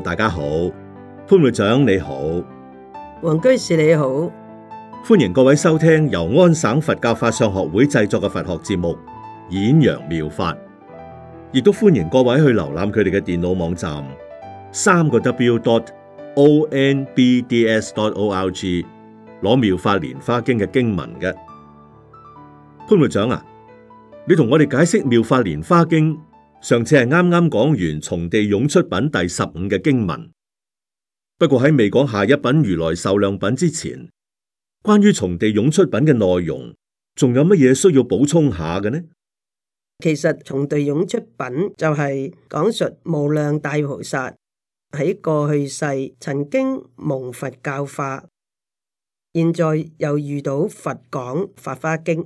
大家好，潘會長你好，王居士你好，歡迎各位收聽由安省佛教法相學會製作嘅佛學節目《演揚妙法》，亦都歡迎各位去瀏覽佢哋嘅電腦網站三個 W dot O N B D S dot O L G 攞妙法蓮花經嘅經文嘅。潘會長啊，你同我哋解釋妙法蓮花經。上次係啱啱講完《從地涌出品》第十五嘅經文，不過喺未講下一品如來壽量品之前，關於《從地涌出品》嘅內容，仲有乜嘢需要補充下嘅呢？其實《從地涌出品》就係講述無量大菩薩喺過去世曾經蒙佛教化，現在又遇到佛講《法華經》，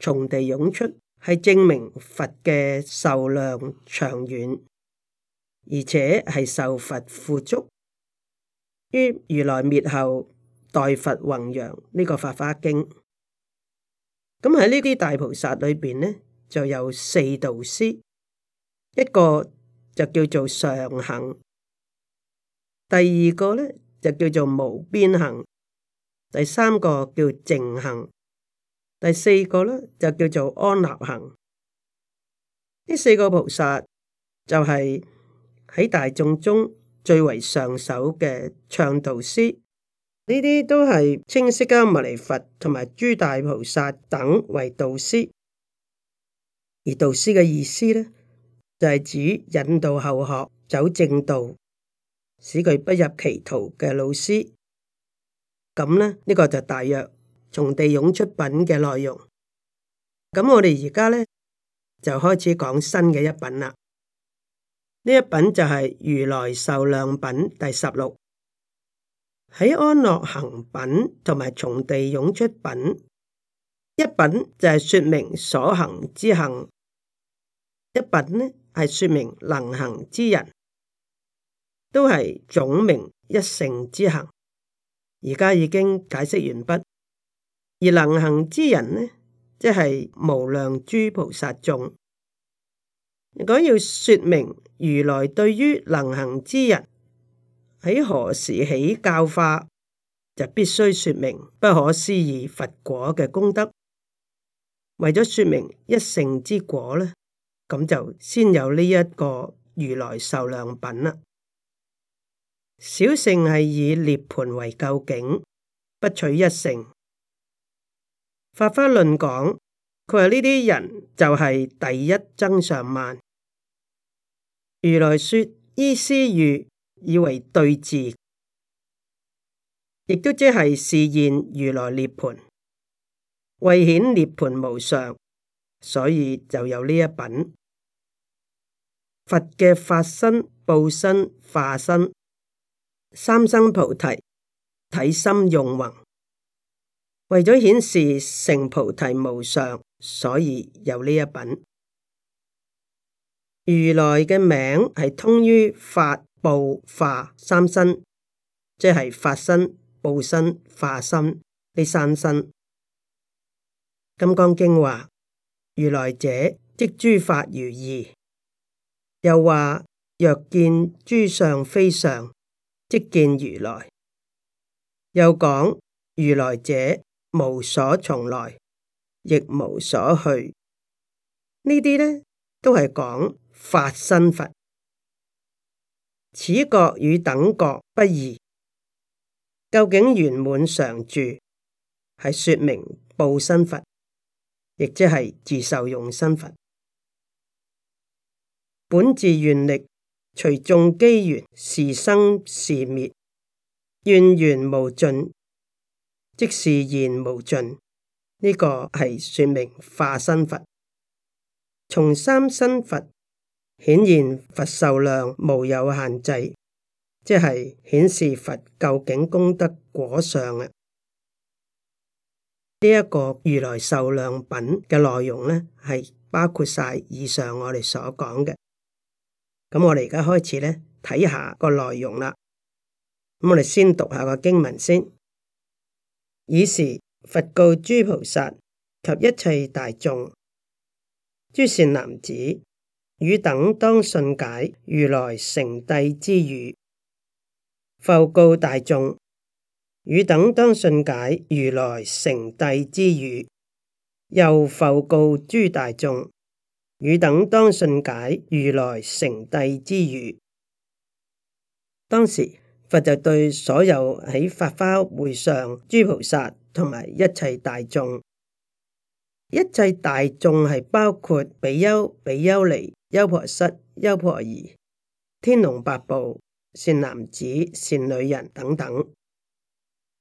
從地涌出。係證明佛嘅壽量長遠，而且係受佛付囑於如來滅後代佛弘揚呢個法華經。咁喺呢啲大菩薩裏邊呢，就有四導師，一個就叫做上行，第二個咧就叫做無邊行，第三個叫淨行。第四個啦，就叫做安立行。呢四個菩薩就係喺大眾中最為上首嘅唱導師。呢啲都係清釋迦牟尼佛同埋諸大菩薩等為導師。而導師嘅意思咧，就係、是、指引導後學走正道，使佢不入歧途嘅老師。咁咧，呢、這個就大約。從地涌出品嘅內容，咁我哋而家咧就開始講新嘅一品啦。呢一品就係、是、如來壽量品第十六，喺安樂行品同埋從地涌出品一品就係說明所行之行，一品呢，係說明能行之人，都係總名一乘之行。而家已經解釋完畢。而能行之人呢，即係無量諸菩薩眾。如果要說明如來對於能行之人喺何時起教化，就必須說明不可思議佛果嘅功德。為咗說明一乘之果呢，咁就先有呢一個如來壽量品啦。小乘係以涅槃為究竟，不取一乘。法花論講，佢話呢啲人就係第一增上慢。如來說依思欲以為對治，亦都即係示現如來涅槃，為顯涅槃無常，所以就有呢一品佛嘅法身、報身、化身、三生菩提體心用云。為咗顯示成菩提無上，所以有呢一品。如來嘅名係通於法、報、化三身，即係法身、報身、化身呢三身。金剛經話：如來者，即諸法如義。又話：若見諸相非相，即見如來。又講如來者，無所從來，亦無所去。呢啲咧都係講法身佛，此國與等國不異。究竟圓滿常住，係說明報身佛，亦即係自受用身佛。本自願力，隨眾機緣，時生時滅，願願無盡。即是言無盡呢個係說明化身佛，從三身佛顯現佛壽量無有限制，即係顯示佛究竟功德果相啊！呢一個如來壽量品嘅內容咧，係包括晒以上我哋所講嘅。咁我哋而家開始咧睇下個內容啦。咁我哋先讀下個經文先。爾時，佛告諸菩薩及一切大眾：諸善男子，汝等當信解如來誠諦之語。佛告大眾：汝等當信解如來誠諦之語。又佛告諸大眾：汝等當信解如來誠諦之語。當時。佛就對所有喺法華會上諸菩薩同埋一切大眾，一切大眾係包括比丘、比丘尼、優婆塞、優婆夷、天龍八部、善男子、善女人等等。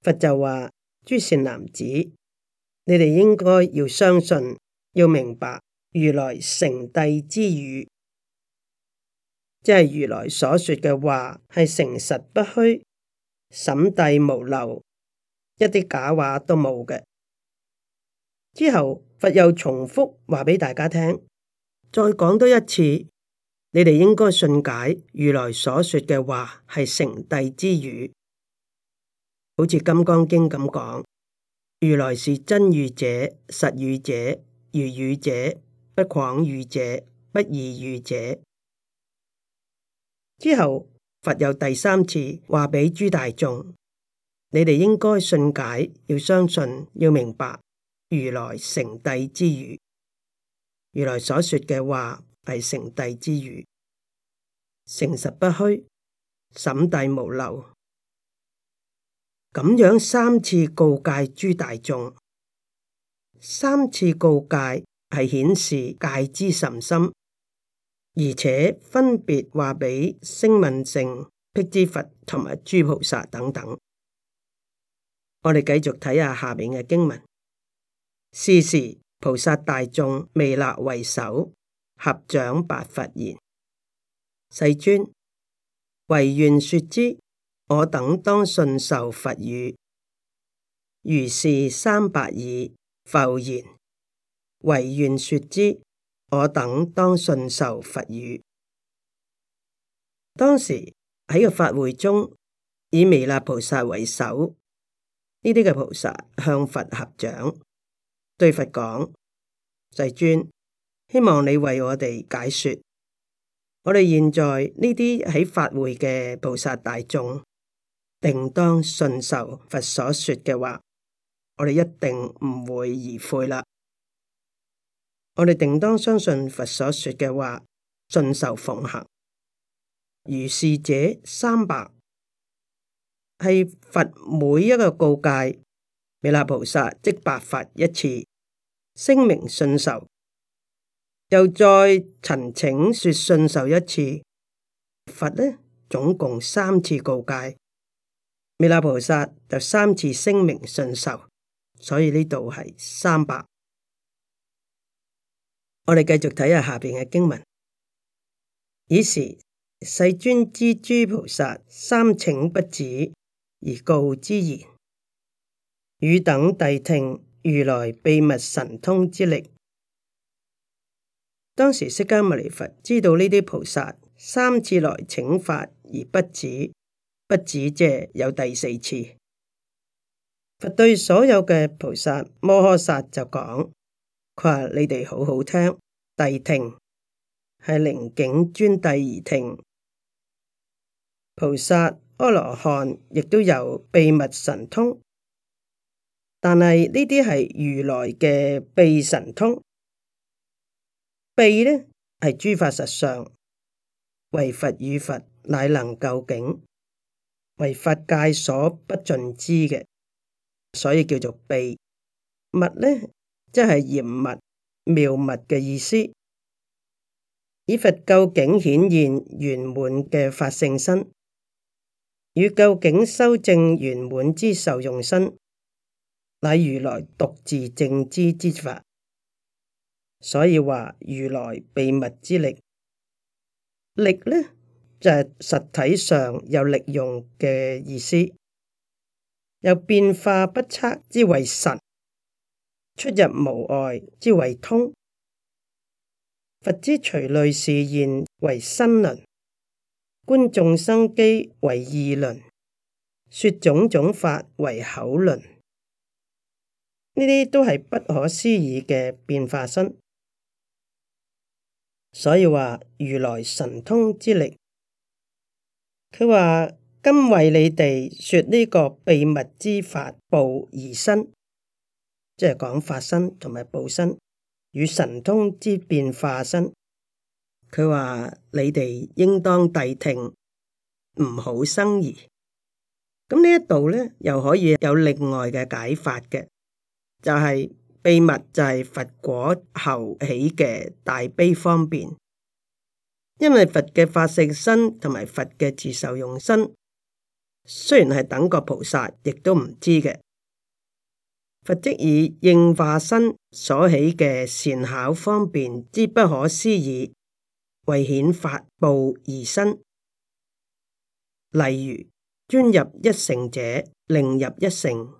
佛就話：諸善男子，你哋應該要相信，要明白如來誠諦之語。即係如來所說嘅話係誠實不虛，審諦無漏，一啲假話都冇嘅。之後佛又重複話俾大家聽，再講多一次，你哋應該信解如來所說嘅話係誠諦之語，好似《金剛經》咁講，如來是真語者、實語者、如語者、不誑語者、不異語者。之後，佛又第三次話俾諸大眾：，你哋應該信解，要相信，要明白。如來誠諦之語，如來所說嘅話係誠諦之語，誠實不虛，審諦無漏。咁樣三次告誡諸大眾，三次告誡係顯示戒之甚深。而且分別話畀聲聞乘、辟支佛同埋諸菩薩等等。我哋繼續睇下下面嘅經文。是時菩薩大眾彌勒為首，合掌白佛言：，世尊，唯願説之，我等當信受佛語。如是三白已，復言：，唯願説之。我等當信受佛語。當時喺個法會中，以彌勒菩薩為首，呢啲嘅菩薩向佛合掌，對佛講：世尊，希望你為我哋解說。我哋現在呢啲喺法會嘅菩薩大眾，定當信受佛所說嘅話，我哋一定唔會疑悔啦。我哋定當相信佛所說嘅話，信受奉行。如是者三白，係佛每一個告誡，彌勒菩薩即白佛一次，聲明信受，又再陳請說信受一次，佛呢總共三次告誡，彌勒菩薩就三次聲明信受，所以呢度係三白。我哋繼續睇下下邊嘅經文。爾時世尊知諸菩薩三請不止，而告之言：汝等諦聽，如來秘密神通之力。當時釋迦牟尼佛知道呢啲菩薩三次來請法而不止，不止即有第四次。佛對所有嘅菩薩摩訶薩就講。話你哋好好聽，諦聽係靈境專諦而聽。菩薩、阿羅漢亦都有秘密神通，但係呢啲係如來嘅秘神通。秘呢係諸法實相，唯佛與佛乃，乃能究竟，為佛界所不盡知嘅，所以叫做秘密呢。即係嚴密、妙密嘅意思。以佛究竟顯現圓滿嘅法性身，與究竟修正圓滿之受用身，乃如來獨自證知之，之法。所以話如來秘密之力，力呢就係、是、實體上有力用嘅意思，有變化不測之為神。出入無礙之為通，佛之隨類示現為身輪，觀眾生機為意輪，説種種法為口輪，呢啲都係不可思議嘅變化身。所以話如來神通之力，佢話今為你哋説呢個秘密之法部而身。即係講法身同埋報身與神通之變化身，佢話你哋應當諦聽，唔好生疑。咁呢一度咧，又可以有另外嘅解法嘅，就係、是、秘密就係佛果後起嘅大悲方便。因為佛嘅法性身同埋佛嘅自受用身，雖然係等過菩薩，亦都唔知嘅。佛即以應化身所起嘅善巧方便之不可思議，為顯法報而生。例如，專入一城者，令入一城；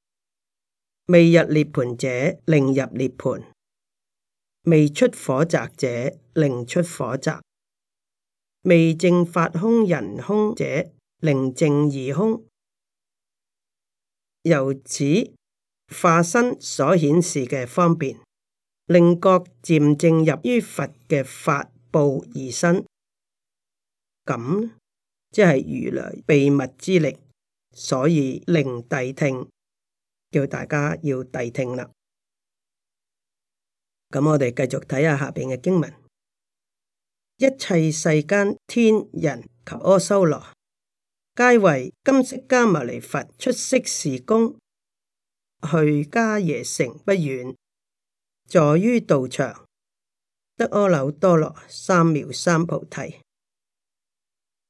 未入涅盤者，令入涅盤；未出火宅者，令出火宅；未證法空人空者，令證而空。由此。化身所顯示嘅方便，令各漸證入於佛嘅法報二身，咁即係如來秘密之力，所以令諦聽，叫大家要諦聽啦。咁我哋繼續睇下下邊嘅經文：一切世間天人及阿修羅，皆謂今釋迦牟尼佛，出釋氏宮。去伽耶城不遠，坐於道場，得阿耨多羅三藐三菩提。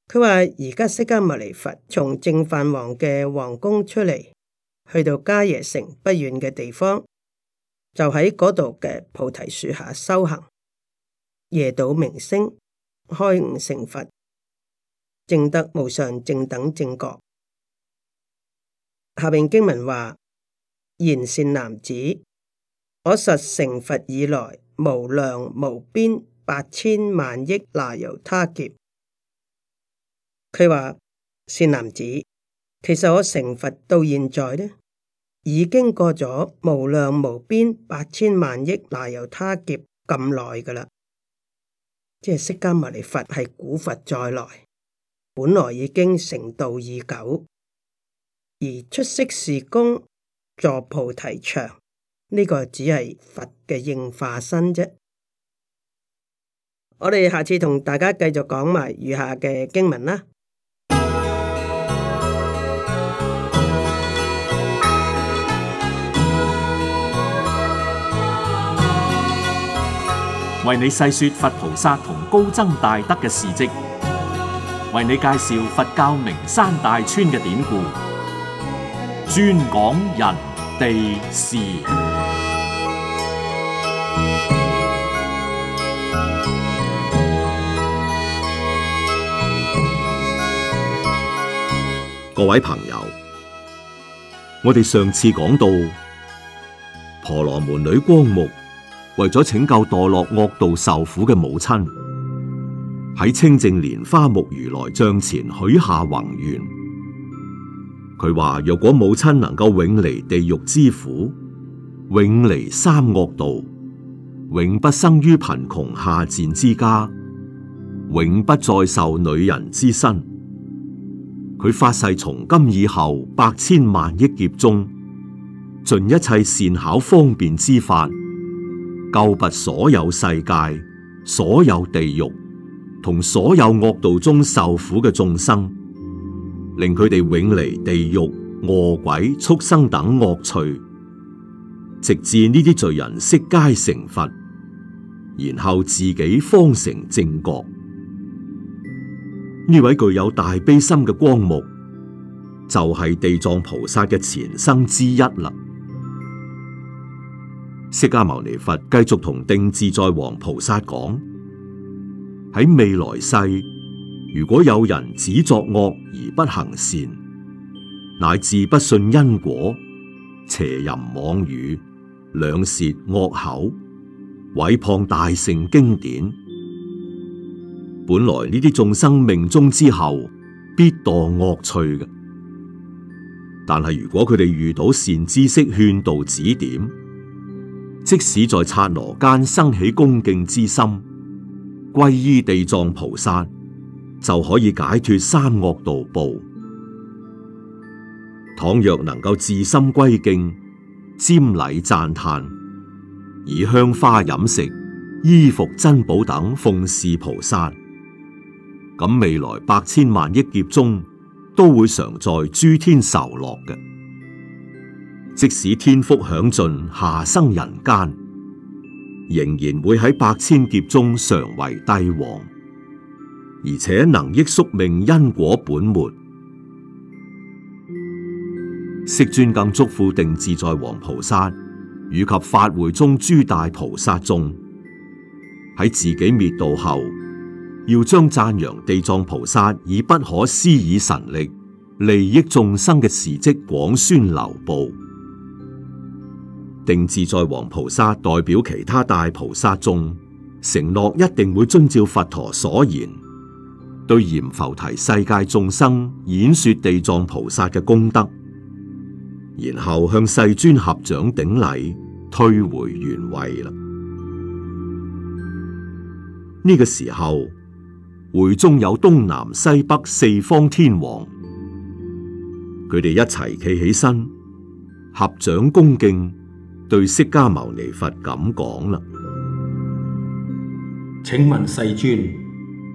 佢話而家釋迦牟尼佛從淨飯王嘅皇宮出嚟，去到伽耶城不遠嘅地方，就喺嗰度嘅菩提樹下修行，夜睹明星，開悟成佛，證得無上，正等正覺。下邊經文話。言善男子，我實成佛以來，無量無邊八千萬億那由他劫。佢話善男子，其實我成佛到現在呢，已經過咗無量無邊八千萬億那由他劫咁耐噶啦。即係釋迦牟尼佛係古佛再來，本來已經成道已久，而出色時功，座菩提場，呢個只係佛嘅應化身啫。我哋下次同大家繼續講埋餘下嘅經文啦。為你細說佛菩薩同高僧大德嘅事迹，為你介紹佛教名山大川嘅典故。專講人地事，各位朋友，我哋上次講到婆羅門女光目為咗拯救墮落惡道受苦嘅母親，喺清正蓮花目如來像前許下宏願。佢話：若果母親能夠永離地獄之苦，永離三惡道，永不生於貧窮下賤之家，永不再受女人之身，佢發誓從今以後百千萬億劫中，盡一切善巧方便之法，救拔所有世界、所有地獄同所有惡道中受苦嘅眾生。令佢哋永離地獄、餓鬼、畜生等惡趣，直至呢啲罪人悉皆成佛，然後自己方成正覺。呢位具有大悲心嘅光目，就係、是、地藏菩薩嘅前生之一啦。釋迦牟尼佛繼續同定自在王菩薩講：喺未來世。如果有人只作惡而不行善，乃至不信因果，邪淫妄語，兩舌惡口，毀謗大乘經典，本來呢啲眾生命中之後必墮惡趣嘅。但係如果佢哋遇到善知識勸導指點，即使在刹那間生起恭敬之心，皈依地藏菩薩。就可以解脫三惡道報。倘若能夠自心歸敬、瞻禮讚歎，以香花飲食、衣服珍寶等奉侍菩薩，咁未來百千萬億劫中都會常在諸天受樂嘅。即使天福享盡，下生人間，仍然會喺百千劫中常為帝王。而且能益宿命因果本末，釋尊更囑咐定自在王菩薩，以及法會中諸大菩薩眾，喺自己滅度後，要將讚揚地藏菩薩以不可思議神力利益眾生嘅事跡廣宣流布。定自在王菩薩代表其他大菩薩眾，承諾一定會遵照佛陀所言，對閻浮提世界眾生演說地藏菩薩嘅功德，然後向世尊合掌頂禮，退回原位啦。呢個時候，會中有東南西北四方天王，佢哋一齊企起身，合掌恭敬，對釋迦牟尼佛咁講啦：請問世尊。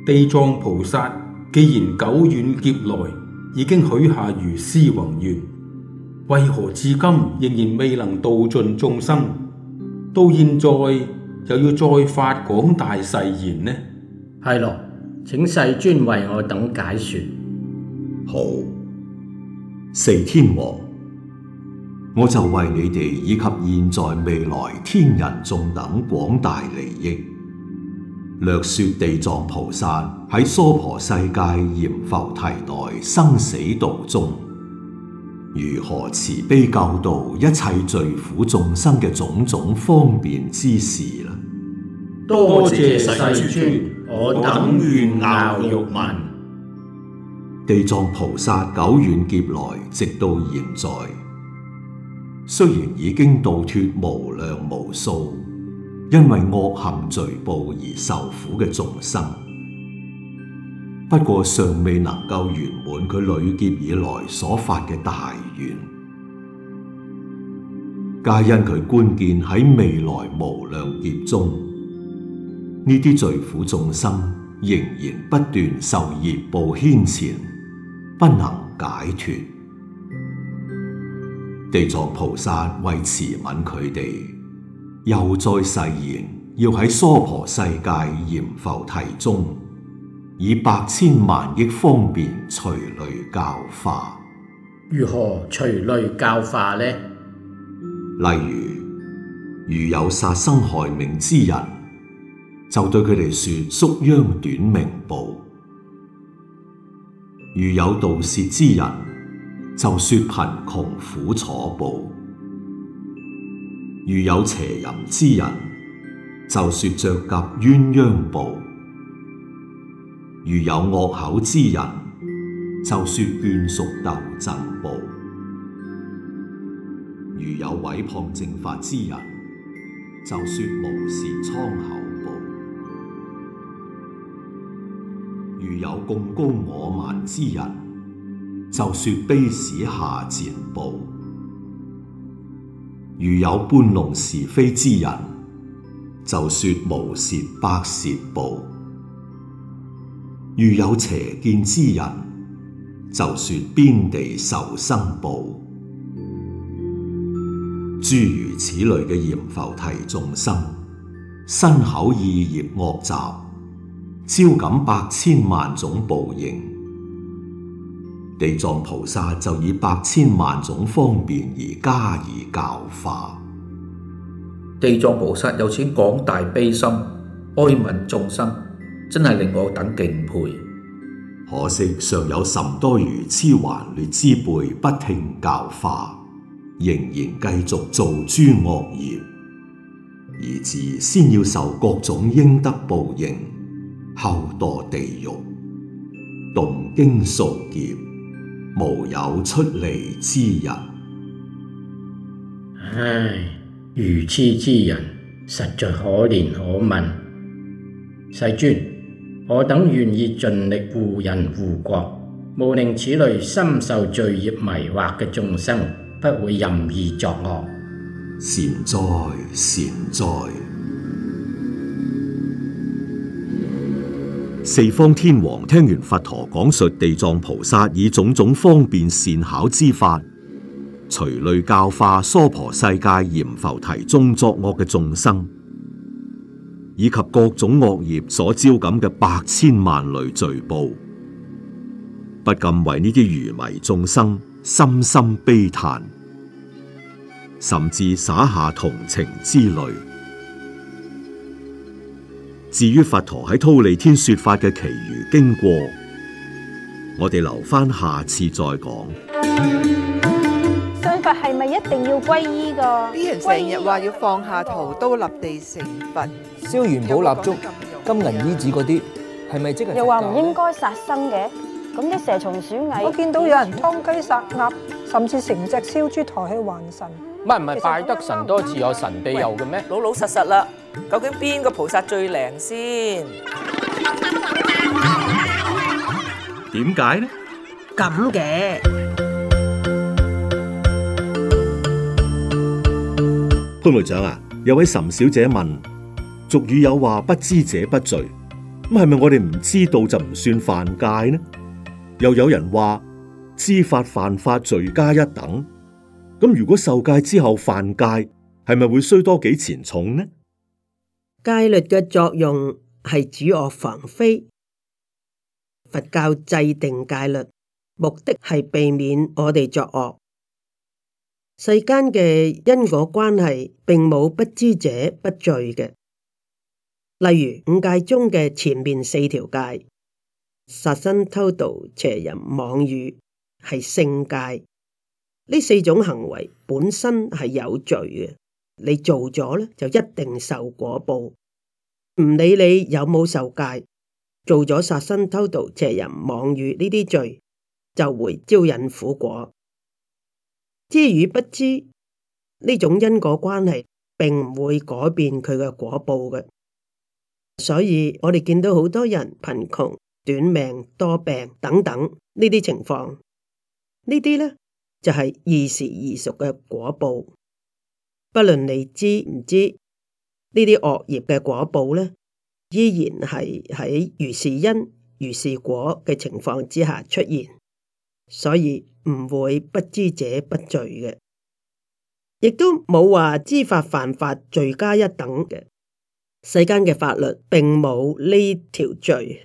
地藏菩薩既然久遠劫來已經許下如斯宏願，為何至今仍然未能度盡眾生？到現在又要再發廣大誓言呢？係咯，請世尊為我等解說。好，四天王，我就為你哋以及現在未來天人眾等廣大利益。略說地藏菩薩喺娑婆世界閻浮提內生死道中，如何慈悲教導一切罪苦眾生嘅種種方便之事呢？多謝世尊，我等願樂欲聞。地藏菩薩久遠劫來，直到現在，雖然已經度脫無量無數。因為惡行罪報而受苦嘅眾生，不過尚未能夠圓滿佢累劫以來所發嘅大願，皆因佢觀見喺未來無量劫中，呢啲罪苦眾生仍然不斷受業報牽纏，不能解脱。地藏菩薩為慈憫佢哋。又再誓言，要喺娑婆世界閻浮提中，以百千萬億方便隨類教化。如何隨類教化呢？例如，如有殺生害命之人，就對佢哋說宿殃短命報；如有盜竊之人，就說貧窮苦楚楚報。如有邪淫之人，就說雀鴿鴛鴦報；如有惡口之人，就說眷屬鬥陣報；如有毀謗正法之人，就說無舌瘡口報；如有貢高我慢之人，就說卑使下賤報。如有搬弄是非之人，就說無舌百舌報；如有邪見之人，就說邊地受生報。諸如此類嘅閻浮提眾生，身口意業惡習，招感百千萬種報應。地藏菩薩就以百千萬種方便而加以教化。地藏菩薩有此廣大悲心，哀憫眾生，真係令我等敬佩。可惜尚有甚多愚癡頑劣之輩，不聽教化，仍然繼續造諸惡業，以至先要受各種應得報應，後墮地獄，動經數劫。無有出離之人，唉，如癡之人實在可憐可憫。世尊，我等願意盡力護人護國，務令此類深受罪孽迷惑嘅眾生不會任意作惡。善哉，善哉。四方天王聽完佛陀講述地藏菩薩以種種方便善巧之法，隨類教化娑婆世界閻浮提中作惡嘅眾生，以及各種惡業所招感嘅百千萬類罪報，不禁為呢啲愚迷眾生深深悲嘆，甚至灑下同情之淚。至於佛陀喺忉利天說法嘅其餘經過，我哋留翻下，下次再講。信佛係咪一定要皈依噶？啲人成日話要放下屠刀立地成佛，燒元寶蠟燭、金銀衣紙嗰啲，係咪即係？又話唔應該殺生嘅，咁啲蛇蟲鼠蟻，我見到有人劏雞殺鴨，甚至成隻燒豬抬去還神。唔係唔係，拜得神多似有神庇佑嘅咩？老老實實啦。究竟邊個菩薩最靈先？點解呢？咁嘅潘會長啊，有位岑小姐問：俗語有話不知者不罪，咁係咪我哋唔知道就唔算犯戒呢？又有人話知法犯法罪加一等，咁如果受戒之後犯戒，係咪會衰多幾錢重呢？戒律嘅作用係止惡防非，佛教制定戒律目的係避免我哋作惡。世間嘅因果關係並冇不知者不罪嘅。例如五戒中嘅前面四條戒：殺生、偷盜、邪淫、妄語，係性戒。呢四種行為本身係有罪嘅。你做咗咧，就一定受果報。唔理你有冇受戒，做咗殺生、偷盜、邪淫、妄語呢啲罪，就會招引苦果。知與不知呢種因果關係，並唔會改變佢嘅果報嘅。所以我哋見到好多人貧窮、短命、多病等等呢啲情況，呢啲咧就係、是、異時異熟嘅果報。不論你知唔知呢啲惡業嘅果報咧，依然係喺如是因如是果嘅情況之下出現，所以唔會不知者不罪嘅，亦都冇話知法犯法罪加一等嘅。世間嘅法律並冇呢條罪，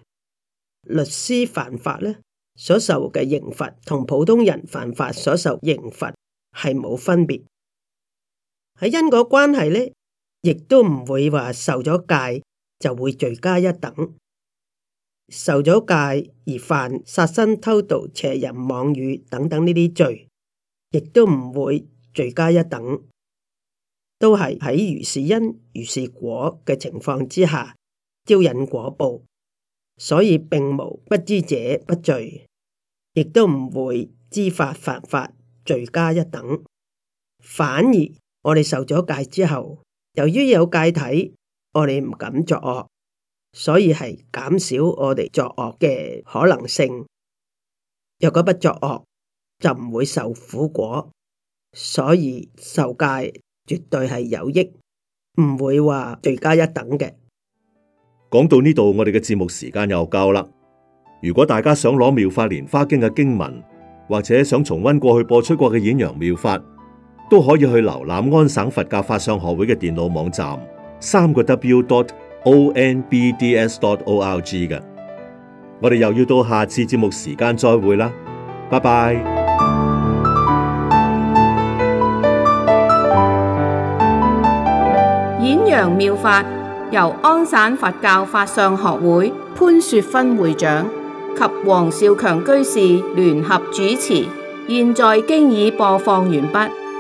律師犯法咧，所受嘅刑罰同普通人犯法所受刑罰係冇分別。喺因果關係咧，亦都唔會話受咗戒就會罪加一等。受咗戒而犯殺生、偷盜、邪淫、妄語等等呢啲罪，亦都唔會罪加一等，都係喺如是因如是果嘅情況之下招引果報。所以並冇不知者不罪，亦都唔會知法犯法罪加一等，反而。我哋受咗戒之後，由於有戒體，我哋唔敢作惡，所以係減少我哋作惡嘅可能性。若果不作惡，就唔會受苦果。所以受戒絕對係有益，唔會話罪加一等嘅。講到呢度，我哋嘅節目時間又夠啦。如果大家想攞妙法蓮華經嘅經文，或者想重溫過去播出過嘅演揚妙法。都可以去瀏覽安省佛教法相學會嘅電腦網站，三個 w dot o n b d s dot org 嘅。我哋又要到下次節目時間再會啦，拜拜。演揚妙法由安省佛教法相學會潘雪芬會長及黃少強居士聯合主持，現在經已播放完畢。